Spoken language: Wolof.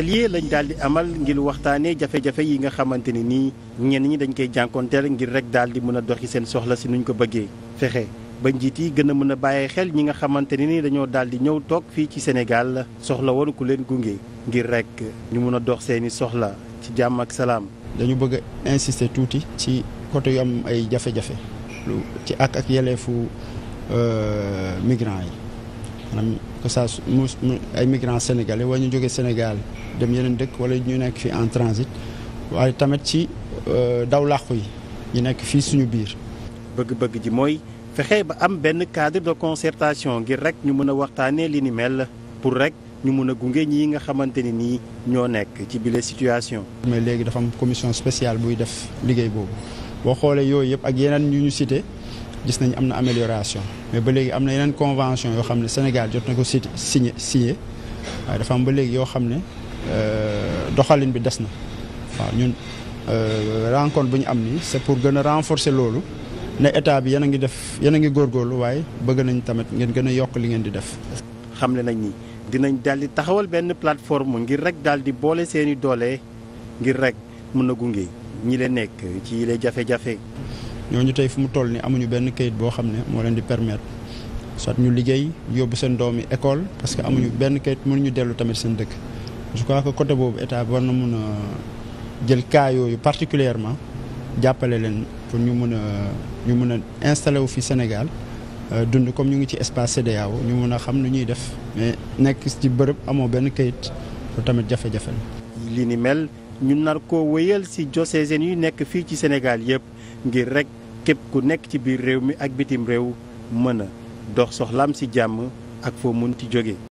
atelier lañ daal di amal ngir waxtaanee jafe-jafe yi nga xamante ni nii ñenn ñi dañ koy jànkonteel ngir rek daal di mën a doxi seen soxla si nuñ ko bëggee fexe ba njiit yi gën a mën a bàyyi xel ñi nga xamante ne ni dañoo daal di ñëw toog fii ci Sénégal soxla woon ku leen gunge ngir rek ñu mën a dox seeni soxla ci jàmm ak salaam. dañu bëgg a tuuti ci côté yu am ay jafe-jafe ci ak ak yeleefu euh, migrants yi maanaam que ay migrants sénégalais wala ñu jóge Sénégal dem yeneen dëkk wala ñu nekk fii en transit waaye tamit ci euh, daw làqu yi ñu nekk fii suñu biir. bëgg-bëgg ji mooy fexe ba am benn cadre de consertation ngir rek ñu mën a waxtaanee li ni mel pour rek ñu mën a gunge ñi nga xamante ni nii ñoo nekk ci bile situation. mais léegi dafa am commission spéciale buy def liggéey boobu boo xoolee yooyu yëpp ak yeneen yu ñu cité gis nañ am na amélioration mais ba léegi am na yeneen convention yoo xam ne Sénégal jot na ko signé signé waaye dafa ba léegi yoo xam ne. Euh, doxalin bi des na waaw ñun euh, rencontre bu ñu am nii c'est pour gën a renforcer loolu ne état bi yéen a ngi def yéen a ngi góorgóorlu waaye bëgg nañ tamit ngeen gën a yokk li ngeen di def. xam ne nañ ni dinañ daal taxawal benn plateforme ngir rek daal di boole seeni doole ngir rek mën a gunge ñi leen nekk ci yile jafe-jafe. ñooñu tey fu mu toll nii amuñu benn kayit boo xam ne moo leen di permettre sot ñu liggéey yóbbu seen doomi école parce que amuñu benn kayit mënuñu dellu tamit seen dëkk. je crois que côté boobu état war na mun a jël cas yooyu particulièrement jàppale leen pour ñu mun a ñu mun a installé wu fi Sénégal euh, dund comme ñu ngi ci espace CEDEAO ñu mun a xam nu ñuy def mais nekk ci bërëb amoo benn kayit pour tamit jafe-jafe la. li ni mel ñu nar koo wéyal si diocésaines yu nekk fii ci Sénégal yëpp ngir rek képp ku nekk ci biir réew mi ak bitim réew mën a dox soxlaam si jàmm ak foo mun ci jóge